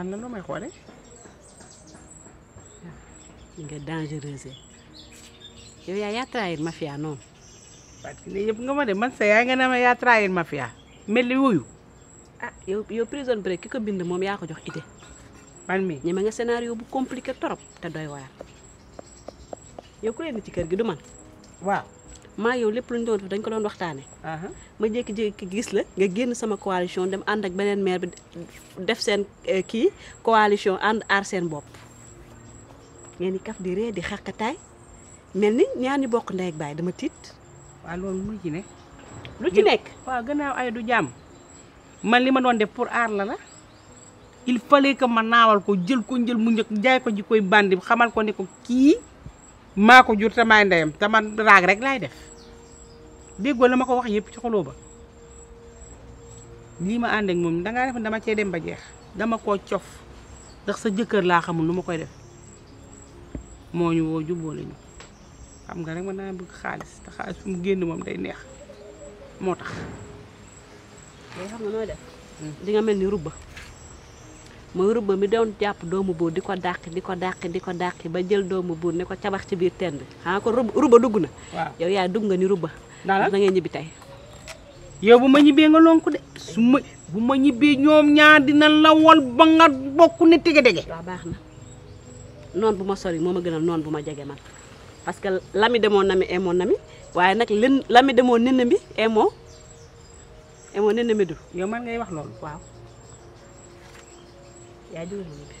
lan la loo may xoole waaw nga dangereuse yow yaa yaa trahir mafia noonu parce que yëpp nga ma de man sa yaa nga ne ma yaa trahir mafia mel yu wuyu ah yow yow prison break ki ko bind moom yaa ko jox idée man mi ñeme nga scénario bu compliqué trop te doy waar yow ku leen ci gi du maa yow lépp luñ doon def dañ ko doon waxtaane ma jékki-jékki gis la nga génn sama coalition dem ànd ak beneen maire bi def seen eh, kii coalition ànd aar seen bopp di kaf mel ni ñaar ñi bokk ndey ak baay dama tiit waaw loolu mu ci ne lu ci nekk waaw gannaaw ay du jàmm man li ma doon def pour aar la la il fallait ma naawal ko jël ko jël mu njëkk jaay ko ji koy bandi xamal ko ne ko kii maa ko jur te maay ndeyam te man raag rek laay def déggoo la ma ko wax yépp ci xoloo ba lii ma ànd ak moom dangaa def dama cee dem ba jeex dama koo cof ndax sa jëkkër laa xamul nu ma koy def moo ñu woo jubboo lañu xam nga rek ma naa bëgg xaalis te xaalis mu génn moom day neex moo tax. day xam nga nooy def. di mel ni rubba. mooy rubba mi doon jàpp doomu buur di ko dàq di ko dàq di ko dàq ba jël doomu buur ne ko cabax ci biir teen bi xanaa ko rubba dugg na. yow yaay dugg nga ni rubba. daanaka da ngay ñibbi tey. yow bu ma ñibbee nga lonku de su ma bu ma ñibbi ñoom ñaar dina lawal ba nga bokk ne tege dege. waaw baax na noon bu ma sori moo ma gënal noon bu ma jege man parce que lami demoon na mi emoon na waaye nag lën lami demoon nenn mi emoo emoo nenn mi du. yow man ngay wax loolu waaw. yaay jógal nga ko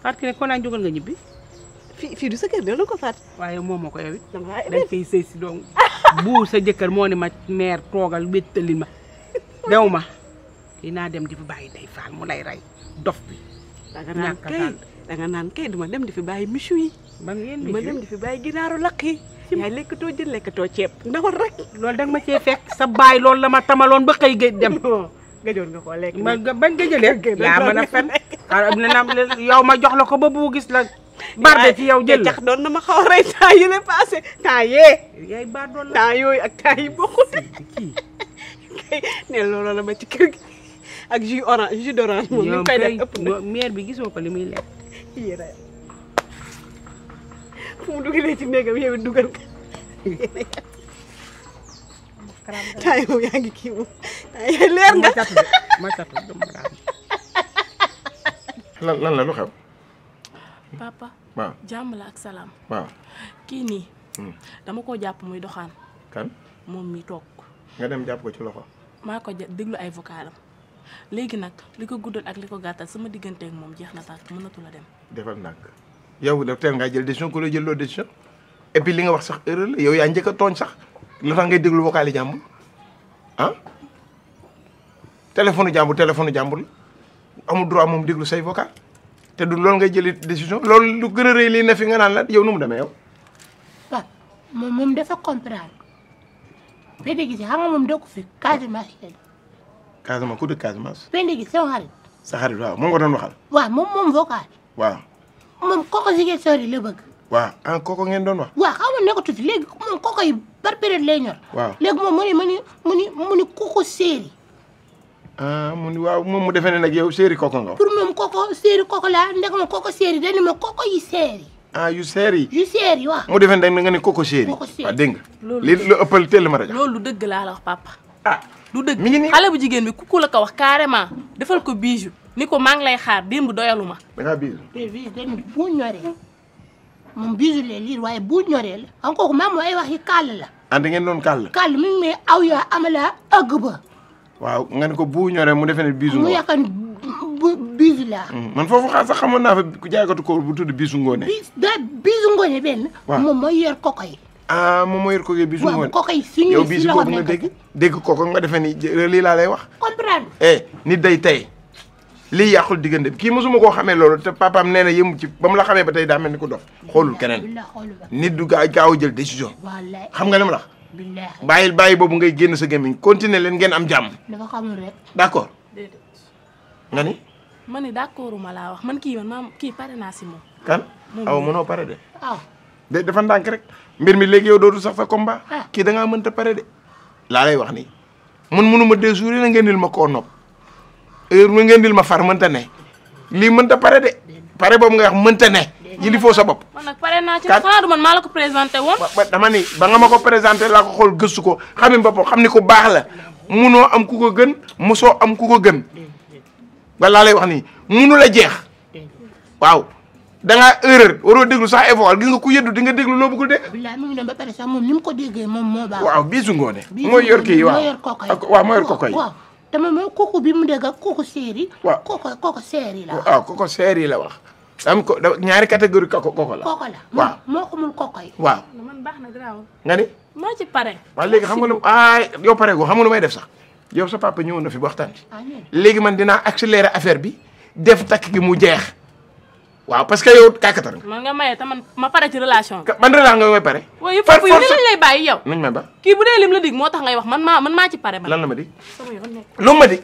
Fatou Kiné naan jógal nga ñibbi. fii fii du sa kër de la ko Fatou. waaye moom moo ko yow it. dañ koy sëy si donc bu sa jëkkër moo ne ma meer toogal wéttali ma. dew ma kii dem di fi bàyyi day faal mu lay rey dof bi. ñàkk a naan da nga naan dem di fi bàyyi michu yi. ba ngeen michu duma dem lekkatoo jël lekkatoo ceeb ndawal rek. loolu danga ma cee fekk sa baay loolu la ma tamaloon ba xëy ga dem. gëjoon nga koo lekk. ma yaa mën a fen ne ma jox la ko ba bu gis la. barde ci yow jël la tax doon na ma xaw a rey temps yi yaay baar doon la yooyu ak yi bokkut. ne ma ci kër gi ak jus orange moom mi ngi koy bi gis ko li muy lekk. yéen a fu mu dugalee leer nga ma catu lan lan la lu xew. papa. jàmm la ak salaam. waaw kii nii. Hmm. dama koo jàpp muy doxaan. kan moom mi toog. nga dem jàpp ko ci loxo. maa ko déglu ay vocalam léegi nag li ko guddal ak li ko gàttal sama digganteeg moom jeex na tàkk mënatu la dem. defal nag yow daf teel ngaa jël décision ku la jël loo décision et li nga wax sax erreur la yow yaa njëkka a tooñ sax lu tax ngay déglu vocal yi jàmm ah? téléphone jàmbur téléphone jàmbur la amul droit moom déglu say vocal te du loolu ngay jëli décision loolu lu gën ne fi nga naan la yow nu mu demee yow. waaw moom moom dafa comprendre Penda Guissé xam nga moom dëkk fi Casamance ku dëkk Casamance. Penda Guissé sama xarit. sa xarit waaw moom nga doon waxal. waaw moom moom vocal. waaw. moom kooku si ngeen sori la bëgg. waaw ah kooku ngeen doon wax. waaw xaw ma nekkatu fi léegi moom kooku yi par ah mu ni waaw moom mu defee ne nag yow séeri koko nga. pour moom koko séeri koko laa ndek ma koko séeri dañu ma koko yi séeri. ah yu séeri. yu séeri waaw. mu defee ne nga ne koko séeri. koko séeri waaw ah, dégg nga. loolu li lu ëppal teel ma rajo. loolu dëgg laa la wax papa. ah lu dëgg mi ngi nii xale bu jigéen bi ku la ko wax carrément defal ko bijou ni ko maa ngi lay xaar démb doyaluma. da ngaa bijou. te eh, bijou dañu bu ñoree moom bijou lee liir waaye bu ñoree la. xam nga kooku maam ay wax yi kàll la. ah da ngeen doon kàll. kàll mi ngi may aw yaa amala ëgg ba waaw nga ne ko bu ñoree mu defee ne biisu ngoon mu yaakaar ne biisu laa. Hmm, man foofu xaar sax xamoon naa fa ku jaaykatu ko bu tudd biisu ngoone. bis daa biisu ngoone benn. waaw moom mooy yor koko yi. ah moom mooy yor koko yi biisu ngoone. waaw koko yi suñuy yow biisu kooku nga dégg dégg koko nga defee ni lii laa lay wax. comprendre. eh nit day tey lii yàqul diggante bi kii mosuma koo xamee loolu te papaam nee na yëmu ci ba mu la xamee ba tey daa mel ni ko dof xoolul keneen nit du gaaw gaaw jël décision. xam nga li ma la bàyyil bàyyi boobu ngay génn sa gémmiñ continuer leen ngeen am jàmm. dafa xamul rek. d'accord. déedéet. nga ni. ma ni d'accord ma laa wax man kii man maam kii pare naa si moom. kan aw mënoo pare de. waaw. de dafa ndànk rek mbir mi léegi yow dootul sax sa combat. Ah. kii da ngaa mënta pare de. laa lay wax ni man mënuma deux jours yi na ngeen dil ma koo nopp heure ngeen dil ma far mënta ne lii mënta pare de pare boobu nga wax mënta ne. yilifoo sa bopp. man nag pare naa ci xanaa du man maa la ko présenté woon. dama ba nga ma ko présenté laa ko xool gëstu ko xam ne boppam xam ni ko baax la munoo am ku ko gën mosoo am ku ko gën balaa lay wax nii munu la jeex waaw da ngaa erreur waroo déglu sax effort gis nga ku yëddu di nga déglu loo bëggul dégg. bilaay mu ngi dem ba pare sax moom ni mu ko moo baax. waaw biisu ngoone. mooy yor kii waaw waaw mooy yor koko yi waaw. dama mooy bi mu dégg ak kooku seer yi. o kooku kooku seer yi la wax. am ñaari catégorie koko koko la. koko la waaw ko waaw man baax na garaawul. nga ni. maa ci pare. waaw léegi xam nga lu ah yow pare goo xam nga lu may def sax yow sa papa ñëwoon na fi waxtaan ci. Ah, léegi man dinaa accélérer affaire bi def takk gi mu jeex waaw parce que yow kàkkatar nga. man nga maye te ma pare ci relation bi. man relation nga may pare. par force yooyu lañ lay bàyyi yow. nuñ ma ba kii la dig moo tax ngay wax man maa man maa ci pare. lan la ma dig lu ma dig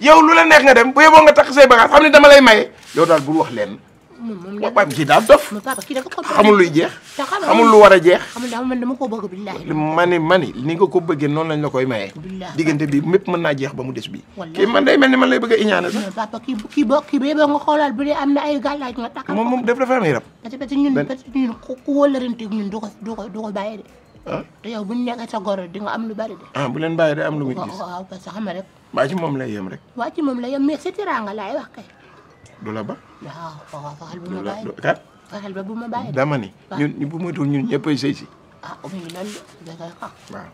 yow lu la neex nga dem bu yeboo nga takk say bagage xam ne dama lay maye yow daal bul wax leen moom moom kii daal dof. papa kii da nga ko xamul luy jeex. xamul lu war a jeex. xamul daal man dama ko bëgg billahi. ma ne ma ni ni nga ko bëggee noonu lañ la koy maye. billahi diggante bi mépp mën naa jeex ba mu des bi kii man day mel ni man lay bëgg a iñaane sax. papa kii kii boo kii bee boo nga xoolaat bu dee am na ay gàllaaj nga takkal. moom moom daf dafa am yaram. parce que ñun parce que ñun ku wóolaranteeg ñun du ko du ko du ko bàyyi de. ah te yow bu ñu nekkee sa goro di nga am lu bari de. ah bu leen bàyyi de am lu muy gis. waaw waaw parce que xam nga rek. waa ci moom lay yem rek. waa ci moom lay yem mais sa teraanga laay wax kay du la ba. waaw fexeel bu ma bàyyi du la fexeel ba bu ma bàyyi dama ni ñun bu moytuwul ñun ñëppay sëy si. ah mu ngi noonu de da nga waaw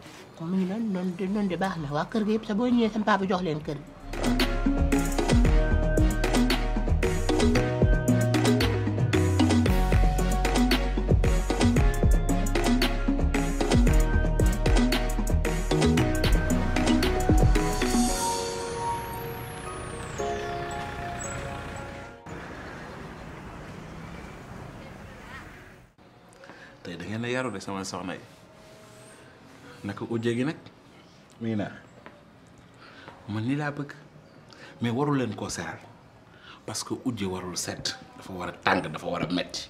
mu ngi noonu noonu de baax kër gi yëpp sa boo ñëwee sama papa jox leen kër gi. taaru de sama soxna naka ujje gi nag mii na man ni laa bëgg mais warul leen koo seral parce que ujje warul sedd dafa war a tàng dafa war a metti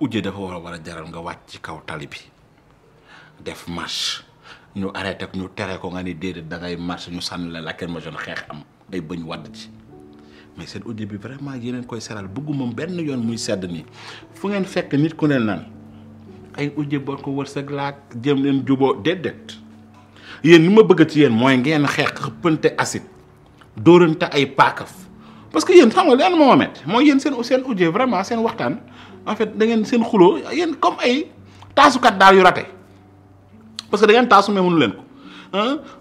ujje dafa war a war a jaral nga wàcc ci kaw tali bi def marche ñu arrêté ko ñu tere ko nga ni déedéet dangay ngay ñu sànni la lacrymogène xeex am ay bëñ wadd ci mais seen ujje bi vraiment yeneen koy seral bëgguma benn yoon muy sedd nii fu ngeen fekk nit ku ne naan ay ujje boo ko wërsëg laak jëm leen juboo déedéet yéen ni ma bëgg ci yéen mooy ngeen xeex xëppante acide dóorante ay paakaf parce que yéen xam nga leen Mohamed mooy yéen seen seen ujje vraiment seen waxtaan en fait da ngeen seen xuloo yéen comme ay taasukat daal yu rate parce que da taasu mais mënu leen ko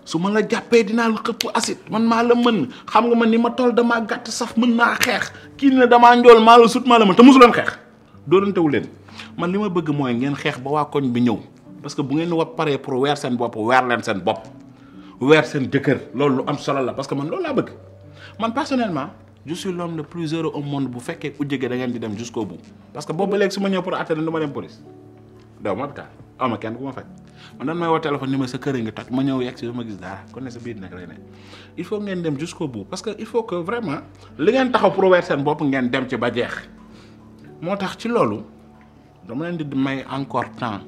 su ma la jàppee dinaa la xëpp acide man maa la mën xam nga man ni ma toll damaa gàtt saf mën naa xeex kii ne damaa njool maa la sut maa la mën te mosu xeex dóorantewul leen man li ma bëgg mooy ngeen xeex ba waa koñ bi ñëw parce que bu ngeen wa paree pour weer seen bopp weer leen seen bopp weer seen jëkkër loolu lu am solo la parce que man loolu laa bëgg man personnellement je suis l'homme le plus heureux bu fekkee ujje gi da ngeen di dem jusqu'au bout parce que boobu ba léegi ma ñëw pour atte du ma dem police ku ma faj man dan may woo téléphone ma sa kër a ngi ma ñëw yegg si du ne sa biir nag lay ne il faut ngeen dem jusqu'au parce que il que vraiment li ngeen taxaw pour weer seen bopp ngeen dem ci ba jeex moo tax ci loolu dama leen di may encore temps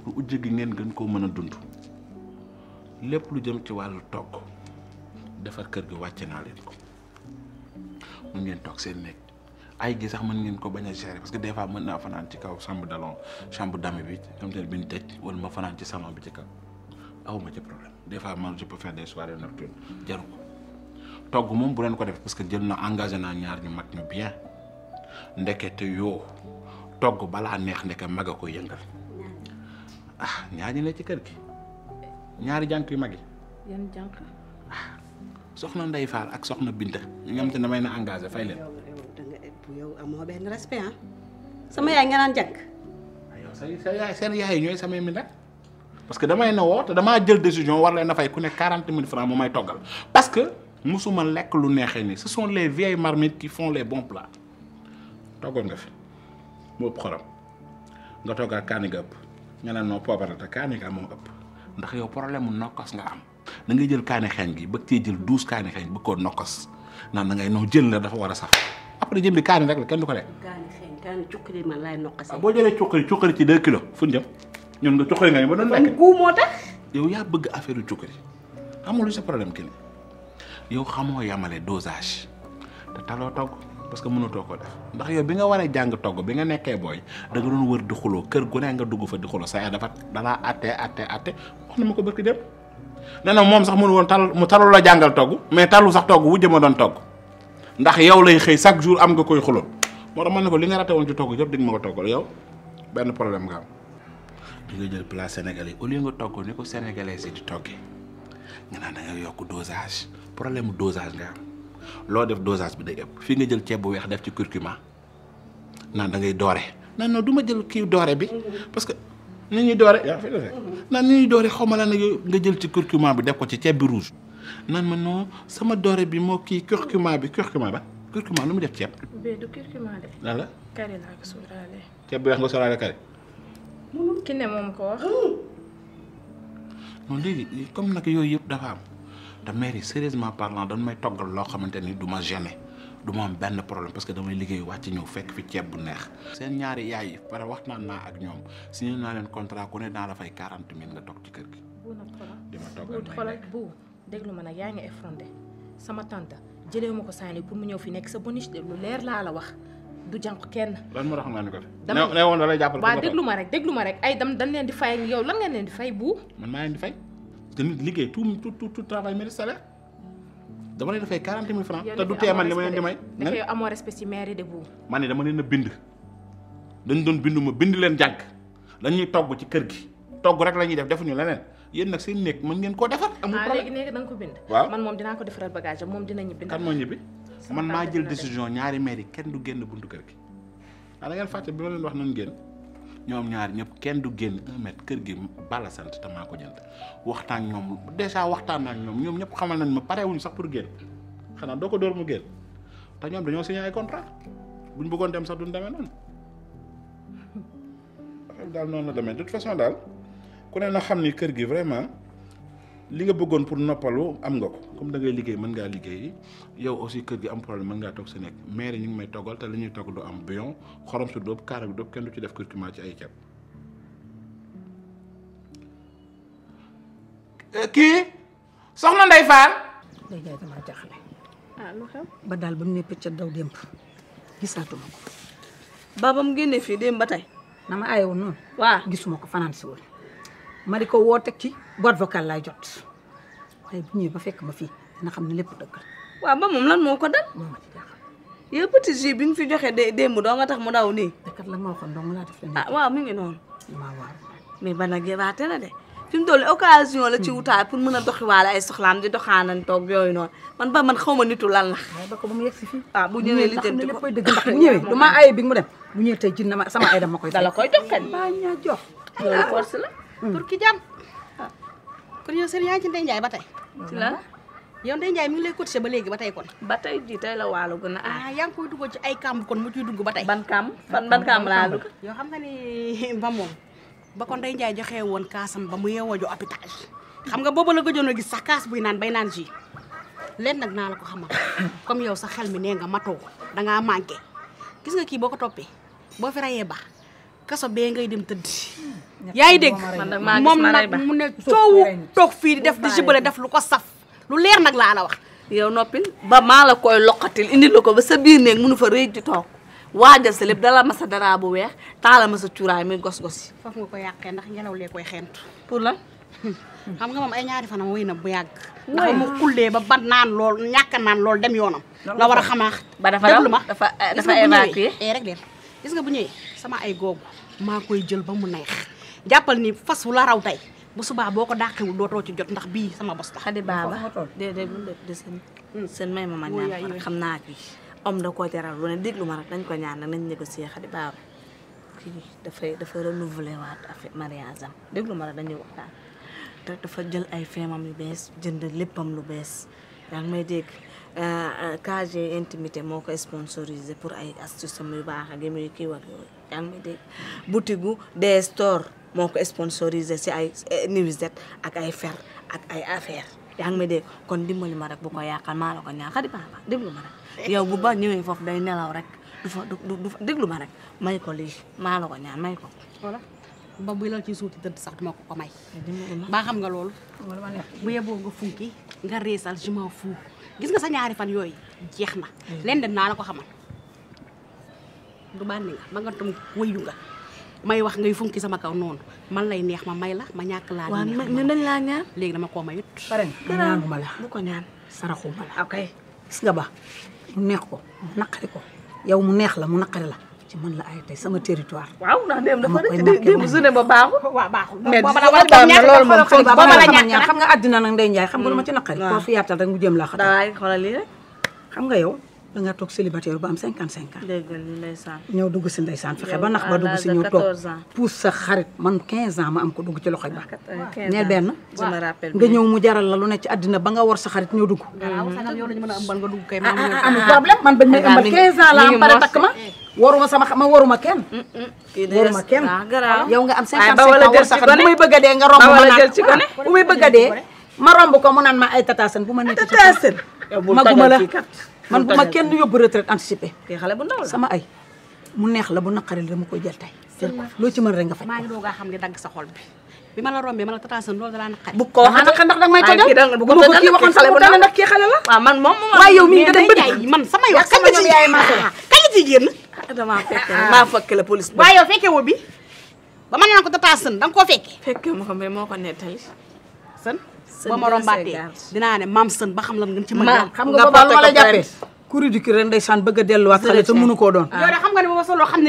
pour ujj gi ngeen gën koo mën a dund lépp lu jëm ci wàllu togg defar kër gi wàcce naa leen ko mën ngeen toog seen nekk ay gi sax mën ngeen ko bañ a gérer parce que des fois mën naa fanaan ci kaw chambre dalon chambre dame bi comme teel bi ñu tëj wala ma fanaan ci salon bi ci kaw awma ci problème des fois man je peux faire des soirées nocturnes jaru ko togg moom bu leen ko def parce que jël na engagé naa ñaar ñu mag ñu bien ndekete yoo togg balaa neex ndeke mag a ko yëngal ah ñaari ne ci kër gi ñaari jànk yu mag yi. yan jànk. ah soxna Ndeye Fall ak soxna Binta ñi nga xam te damay na engagé fay leen. yow amoo benn respect ah. sama yaay nga naan jànk. Ah, yow sa yaay seen yaay ñooy samay mi nag parce que damay na woo te damaa jël décision war leen a ku ne quarante mille francs mu may toggal parce que musuma lekk lu neexee nii ce sont les vieilles marmites qui font les bons plats toggal nga fi. mu ëpp xorom nga toog ak kaani nga ëpp nga naan te kaani moom ëpp ndax yow problème mu nokkos nga am da ngay jël kaani xeeñ gi ba cee jël douze kaani xeeñ bëgg koo nokkos naan da ngay noo jël la dafa war a saf après jëndi kaani rek la kenn du ko lekk. kaani xeeñ kaani cuqali man laay nokkosee. boo jëlee cuqali cuqali ci deux kilos fu ñu jëm ñun nga cuqali nga ñu ba doon lekk. guu moo tax. yaa bëgg affaire cuqali amul si problème kii yow xamoo yamale dosage te taloo togg parce que mënatoo ko def ndax yow bi nga waree jàng togg bi nga nekkee booy da nga doon wër di xuloo kër gu nga dugg fa di xuloo sa dafa dalaa atte atte atte wax na ma ko bëgg dem nee na moom sax mënu woon tal mu talu la jàngal togg mais talu sax togg wu jëma doon togg ndax yow lay xëy chaque jour am nga koy xuloo moo tax man ne ko li nga raté woon ci togg yëpp di nga ma ko toggal yow benn problème nga am di nga jël place sénégalais au lieu nga togg ni ko sénégalais si di toggee nga yokk dosage problème dosage loo def dosage bi day ëpp fii nga jël ceeb bu weex def ci curcuma naan da ngay doore nan non du ma jël kii doore bi parce que ni ñuy doore yaa fi defee ñuy doore xaw ma la nga jël ci curcuma bi def ko ci ceeb bi rouge nan ma non sama doore bi moo kii curcuma bi curcuma ba curcuma lu mu def ceeb. la. kari laa ko ceeb bu weex nga sóoraale kari. ki ne moom ko wax. non léegi comme nag yooyu yëpp dafa am. te mairie sérieusement parlant dañ may toggal loo xamante ni du ma gêner du ma benn problème parce que damay liggéey wàcc ñëw fekk fi ceeb bu neex. seen ñaari yaay yi pare waxtaan naa ak ñoom naa leen contrat ku ne naa la fay quarante mille nga toog ci kër gi. di ma toggal ma nag yaa ngi effronté sama tante jëlee ma ko saa pour mu ñëw fi nekk sa bonus de lu laa la wax. du kenn. lan moo tax nga da lay jàppale. waaw déglu ma rek déglu ma rek ay dam dañ leen di fay yow lan nga leen di fay bu. leen di fay. te nit liggéey tout tout tout travail mérite salaire dama leen dafay quarante mille francs te du tee man li ma leen di may. nga ne amoo de ma ne dama bind dañ doon bind ma bind leen jànk lañuy togg ci kër gi togg rek la ñuy def defuñu leneen. yéen nag seen néeg mën ngeen koo defar. amul ah, problème léegi léegi da nga ko bind. waaw man moom dinaa ko defaral bagage am moom dina ñibbi. kan moo ñibbi man maa jël décision ñaari maire yi kenn du génn buntu kër gi. ah da ngeen fàtte bi ma leen wax nan génn ñoom ñaar ñëpp kenn du génn un kër gi bala sant te maa ko jënd waxtaan ñoom dèjà waxtaan naa ñoom ñoom ñëpp xamal nañ ma parewuñ sax pour génn xanaa doo ko door mu génn te ñoom dañoo signé ay contrat buñ bëggoon dem sax duñ demee noonu daal noonu la demee de toute façon daal ku ne na xam ni kër gi vraiment. li nga bëggoon pour noppalu am nga ko comme da liggéey mën ngaa liggéey yow aussi kër gi am problème mën ngaa toog sa nekk maire ñu ngi may toggal te li ñuy togg du am bouillon xorom su dóob kaara bi dóob kenn du ci def ay ceeb. Eh, kii soxna Ndeye Fall. Ah, ba daal ba mu ne pëcc daw démb gisaatuma ko. ba mu génnee fii démb ba tey. na ma aayewoon noonu. waaw gisuma ko fanaan si woon. ma di ko woo teg ci boîte vocale laay jot waaye bu ñëwee ba fekk ma fi dina xam ne lépp dëgg la. waaw ba moom lan moo ko dal. moo ma ci jaaxal. yow petit jus bi nga fi joxe dé démb doo nga tax mu da nii. kat la ma waxoon dong laa def. ah waaw mi ngi noonu. waaw waaw. mais ba nag yebaate la de fi mu toll occasion la ci hmm. wutaay pour mën a doxiwaale ay soxlaam di doxaanan toog yooyu noonu man ba man xaw ma nitu lan la. waaye ba ko ba mu yegg si fii. waaw ah, bu ñëwee li jënd ko bu ñëwee du ma ay bi mu dem bu ñëwee tey jinn na ma sama ay dama koy. dala koy jox kenn. baa ñaa jox. loolu force la. pour ki jàmm kon yow sëriñ yaa ngi ci Ndeye njaay ba tey. ci la yow Ndeye Ndiaye mi ngi lay cotiser ba léegi ba tey kon. ba tey jii tey la waalo gën a ah yaa ngi ci ay kàmb kon mu ciy dugg ba tey. ban kàmb ban ban kàmb yoo xam nga ni ba moom ba kon Ndeye joxe woon kaasam ba mu yeewoo ju hôpital xam nga booba la gëjoon a gis sax kaas buy naan bay naan ji leen nag naa la ko xamal comme yow sa xel mi nee nga matoo dangaa manqué gis nga kii boo ko toppee boo fi rayee baax kaso bee ngay dem tëdd. Hmm. yaa ngi dégg moom nag mu ne coowu toog fii di def di jibale def lu ko saf lu leer nag laa la wax. yow noppil ba maa la koy loqatil indi la ko ba sa biir néeg munu fa rëy di toog waajal sa lépp dala ma sa dara bu weex taala ma sa cuuraay muy gos-gos yi. foofu ko yàqee ndax ngelaw lee koy xeentu pour lan. xam nga moom ay ñaari fanam wéy na bu yàgg. ndax mu xullee ba ban naan lool ñàkk naan lool dem yoonam. la war a xamaax. ba dafa dafa eh, dafa évacué eh, rek de. gis nga bu ñëwee sama ay googu maa koy jël ba mu neex jàppal ni fas wu la raw tey bu subaa boo ko dàqewul dootoo ci jot ndax bii sama bos la. xadi baaba déedéet bu de seen hmm. seen may xam naa ki om da ko teral lu ne déglu ma rek dañ ko ñaan nañ négocier xadi baaba kii dafay dafa renouveler waat affaire mariage déglu ma rek dañuy waxtaan te dafa jël ay feemam yu bees jënd léppam lu bees yaa ngi may dégg Euh, euh, casier intimité moo ko sponsorisé pour ay astuce yu baax ak yu muy kii wax yooyu yaa ngi may dégg boutique gu des store moo ko sponsorisé si ay eh, nuisette ak ay fer ak ay affaire yaa ngi may dégg kon dimbali ma rek bu ko yàqal maa la ma yow bu ba ñëwee foofu day nelaw rek du ma ko lii maa la ko ñaan may ko voilà ba sax duma ko ko may baa xam nga loolu bu yeboo nga funki nga reesal je m'en fous gis nga sa ñaari fan yooyu jeex na mm. leen dem naa la ko xamal du bànni nga ma wëyu nga may wax ngay funki sama kaw noonu man lay neex ma may la ma ñàkk laa waaw ñun dañ laa ñaan léegi dama koo mayut pare nga ñaanuma la bu ko ñaan saraxuma la ok gis nga ba mu neex ko mu naqari ko yow mu neex la mu naqari la ci man la ay tey sama territoire. waaw ndax dem dafa rëcc démb journée ba baaxul. waaw baaxul mais loolu moom la ñàkk xam nga àddina nag ndey njaay xam nga lu ma ci naqari. Mm. koo fi rek mu jëm laa xam nga yow da nga toog célibataire ba am cinquante cinq ans. dégg nga li ndeysaan. ñëw dugg si ndeysaan fexe ba nax ba dugg si ñëw toog pour sa xarit man quinze ans ma am ko dugg ci loxo ba. Ah, neel nga ñëw mu jaral la lu ne ci àddina ba nga war sa xarit ñëw dugg. waaw mm. yow a ëmbal nga dugg kay. Ah, ah, amul problème man bañ may quinze ans la am pare takk ma. Eh. waruma sama ma waruma kenn. Mm, mm. kii de waruma kenn yow nga am. 55 ans war sax bu may bëgg a dee nga romb ma bëgg ma romb ko mu naan ma ay tatasen bu ma nekk la man bu ma kenn yóbbu retraite anticipée. kii xale bu ndaw la sama ay. mu neex la bu naqari la dama koy jël a la rombee ma ko waxee ndax ndax may tojal bu ko kii waxoon sax bu tane ndax kii xale la. waaw man moom moom waaye yow mii nga dem bëgg man samay yaay ma kañ damaa fekke ah. maa fekk la police. waaye yow fekke bi ba ma ne la ko tata sën da nga koo fekke. fekke ma ko mais moo ko nettali. sën ba ma rombaatee dinaa ne maam sën ba xam lan ngeen ci mën a. xam nga booba lu la jàppee ku ridicule ren ndeysaan bëgg a delluwaat xale te mënu koo doon. Ah. yow de ne booba soloo xam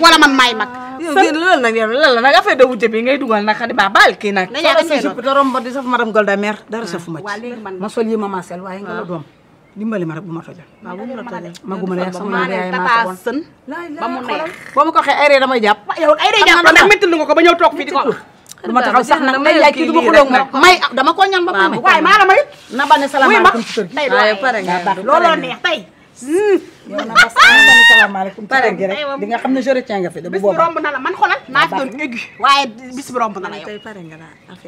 wala man maay mag. yow gën loolu nag yow lan la nag affaire de wujje dugal nag xadi baa baal kii nag. dara ah. safuma ci. waaw ma sol yi ma maasel waaye nga la doom dimbali ma rek bu ma tojal. waaw bu mu la tojal maguma la yàgg sama yaay maa ko woon ba mu neex boo ma ko waxee ay ree damay jàpp. yow ay ko ba ñëw toog fii di ko. du ma taxaw sax nag may yaay kii du ma xuloo moom may dama ko ñaan ba pare. waaye na ba ne salaamaaleykum ci kër gi waaye pare nga looloo hmm. na xam ne je retiens nga fi de bu boobaa bis bi romb na la man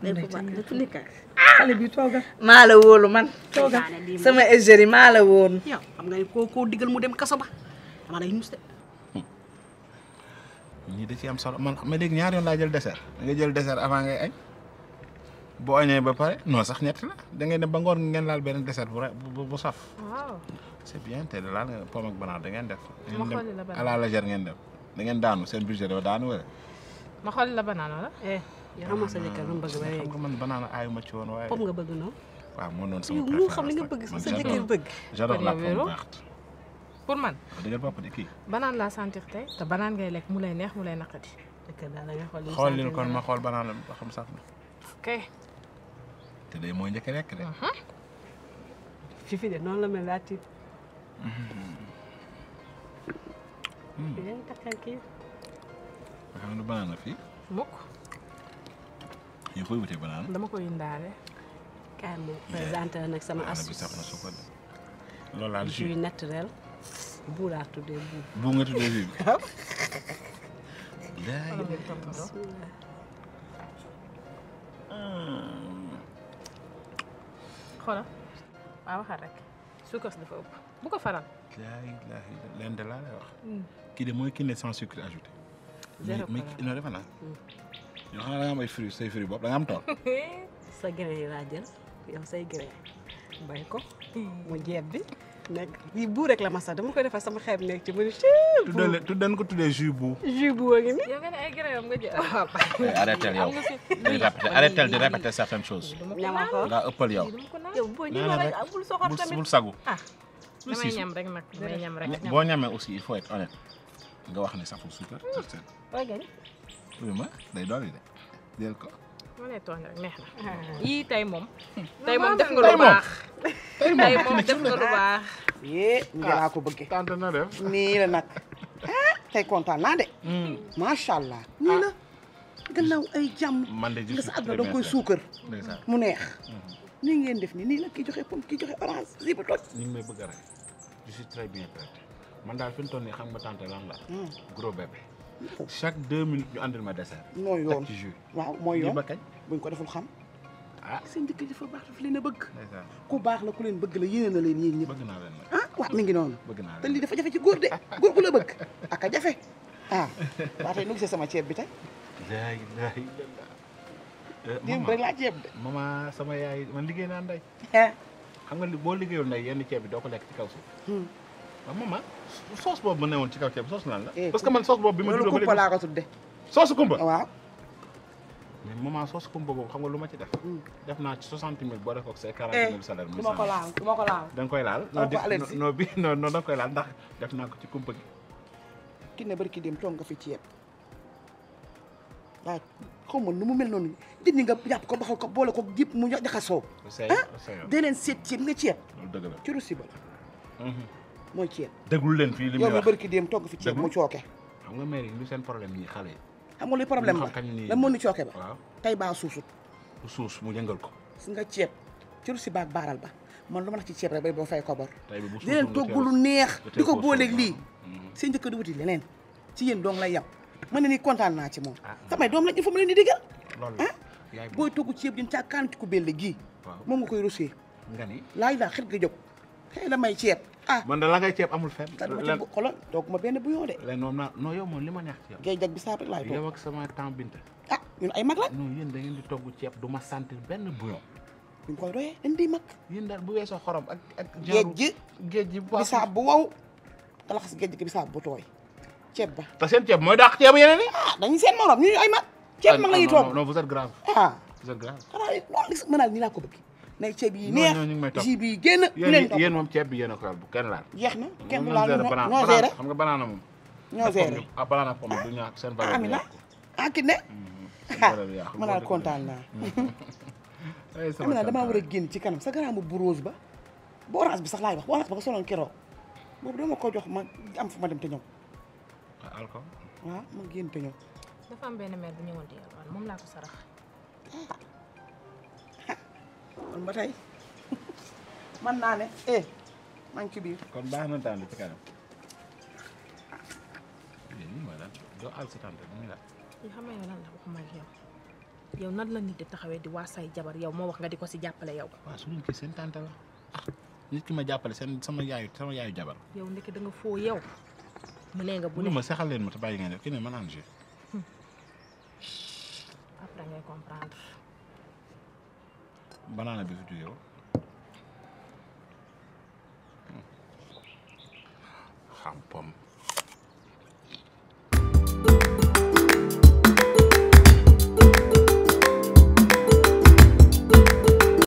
dafa nekk ah! xale bi tooga maa la wóolu man tooga sama égérie maa la wóolu yow xam nga ne koo digal mu dem kaso ba dama lay mus de ñii hmm. da ci am solo man ma léegi ñaar yoon laa jël dessert nga jël dessert avant ngay añ boo añee ba pare non sax ñett la da ngay dem ba ngoon ngeen laal beneen dessert bu bu saf waaw c'est bien te laal nga pomme ak banaan da ngeen def ngeen dem à ngeen def da ngeen daanu seen budget daan daanu yow xam nga sa jëkkër lu mu bëgg ba léegi. nga man banaan aayu ma ci woon waaye. pop nga bëgg noonu. waaw moo noonu sama préférence li nga bëgg sa jëkkër bëgg. j'adore la pomme verte. pour banaan laa sentir tey te banaan ngay lekk mu lay neex mu lay naqati. la da nga xool li xool kon ma xool banaan la ba xam sax na. ok. te day mooy njëkk lekk de. ci mhm. fi de noonu la mel laa tiit. di mhm. leen takkal kii. nga xam ne banaan la fii. yow koy wutee banaan dama koy indaale. kaay mu présenté nag sama astuce loolu laa jus naturel bu laa tuddee bu. bu nga tuddee fii. xoolal waaw waxal rek suukar dafa ëpp bu de kii de mooy kii ne sans sucre ajouté. zéro mais yow xanaa da nga am ay fruits say fruits bopp da nga am tool. sa gré yi laa jël yow say gré bay ko mu jeeb bi nekk yi bu rek la ma sax dama koy defal sama xeeb nekk ci mu ne jus bu tuddee tuddee ko bu. jus bu woo ngi nii. yow nga ne ay gré nga jël. Eh, arrêté yow arrêté di répéter certaines choses. nga ëppal yow. yow boo ñëwee bul soxor tamit sagu. damay ah. ñam rek nag damay ñam rek. boo ñamee aussi il faut être honnête nga wax ne saful suukar. oui ma day doon de jël ko. ma ah. hmm. ah. lay ko bëggee. tante na def nii la nag. ah tey kontaan naa de. Hmm. macha allah ah. nii la. gannaaw ay jàmm. man de nga suukar. mu neex. Hmm. nii ngeen def nii nii la ki joxe pomme ki joxe orange lii toj. ñu ngi may bëgg man daal fi mu toll nii xam nga tante lan la. gros bébé. chaque de minutes ñu àndal ma dessert. mooy yoon ci jus waaw mooy yoon buñ ko deful xam. ah seen dëkk dafa baax daf leen a bëgg. ku baax la ku leen bëgg la yéene na leen yéen ñëpp. bëgg naa leen ah waaw mi ngi noonu. bëgg naa leen te dafa jafe ci góor de góor bëgg ak a jafe ah waaw sama ceeb bi tey. laay laay lallaay. Eh, démb rek laa ceeb de. maman sama yaay man liggéey naa nday. Eh. xam nga boo liggéeyul nday yenn ceeb bi doo ko lekk ci waaw ah, maman soos boobu ma ne woon ci kaw ceeb soos lan la. Eh, parce que man soos boobu bi ma. loolu kumpa laa ko tudde. soosu kumpa waaw. mais maman soosu kumpa boobu xam nga lu ma ci def. Hmm. def naa ci soixante mille boo def ak say quarante mille eh, salaire. du ma ko ko laal. da nga naa ko ci kumpa gi. ki ne bari ki dem toog nga fi ceeb waaw xaw ma nu mu mel noonu dindi nga yàpp ko baxal ko boole ko jip mu jox jaxasoo. ah dee leen seet ceeb nga ceeb. ci rusi ba la. Mhm. mooy ceeb déglu leen fii li muy wax yow mi barki dem togg fi ceeb mu cooke xam nga mairie lu seen problème ñi xale yi xam nga luy problème ba lan moo ni cooke ba waaw tey baa suusut mu yëngal ko su nga ceeb cëru si baag baaral ba man lu ma la ci ceeb rek bay boo fay ko bor di leen togg lu neex di ko booleeg lii mm-hmm. seen njëkk di ti leneen ci yéen doong lay yàpp man ne nii kontaan naa ci moom ah, ah. samay doom la ñu fa ma leen di digal ah booy togg ceeb din caa gii moom nga koy rusee nga ni laaj laa xet nga jóg xëy la may ceeb ah man da la ngay ceeb amul fenn. lan xoolal toog ma benn bouillon de. lenn moom li ma neex ci yow. géej bi saa rek laay toog yow ak sama temps binte. ah ñun ay mag la. non yéen da du ma sentir benn bouillon. ñu koy doyee dañ di mag. yéen daal bu weesoo xorom ak ak. géej gi géej gi bu bu wow. nga laxas géej gi bisaab bu tooy. ceeb ba te seen ceeb mooy dàq ceeb yeneen yi. ah dañuy seen morom ñu ay mag. ceeb ah, mag la ñuy toog non non vous êtes grave. ah vous êtes grave. xanaa li ma naa nii nay ceeb yi neex ji bi génn yéen bi yéen a ko laal bu kenn laal jeex na kenn du laal ñoo géré xam nga banana moom ñoo géré ah amina ah ki ne mm-hmm. ma daal kontaan naa amina damaa war a génn ci kanam sa garaamu bu rose ba bu orange bi laay wax bu orange ba nga soloon keroog boobu dama ko jox ma ma dem te ñëw ah, kon ba tey man naa ne eh maa ngi ci biir. kon baax na tànn ci kanam. lii mooy nan la nit di taxawee di waasay jabar yow moo wax nga di ko si jàppale yow. waaw su ñu kii seen tànn la nit ki ma jàppale seen sama yaayu sama yaayu jabar. yow ndeke da nga foo yow. mu ne nga bu ne ma saxal leen ma te bàyyi ngeen def ki ma naan après ngay comprendre. banaana bi fi jógee xam pom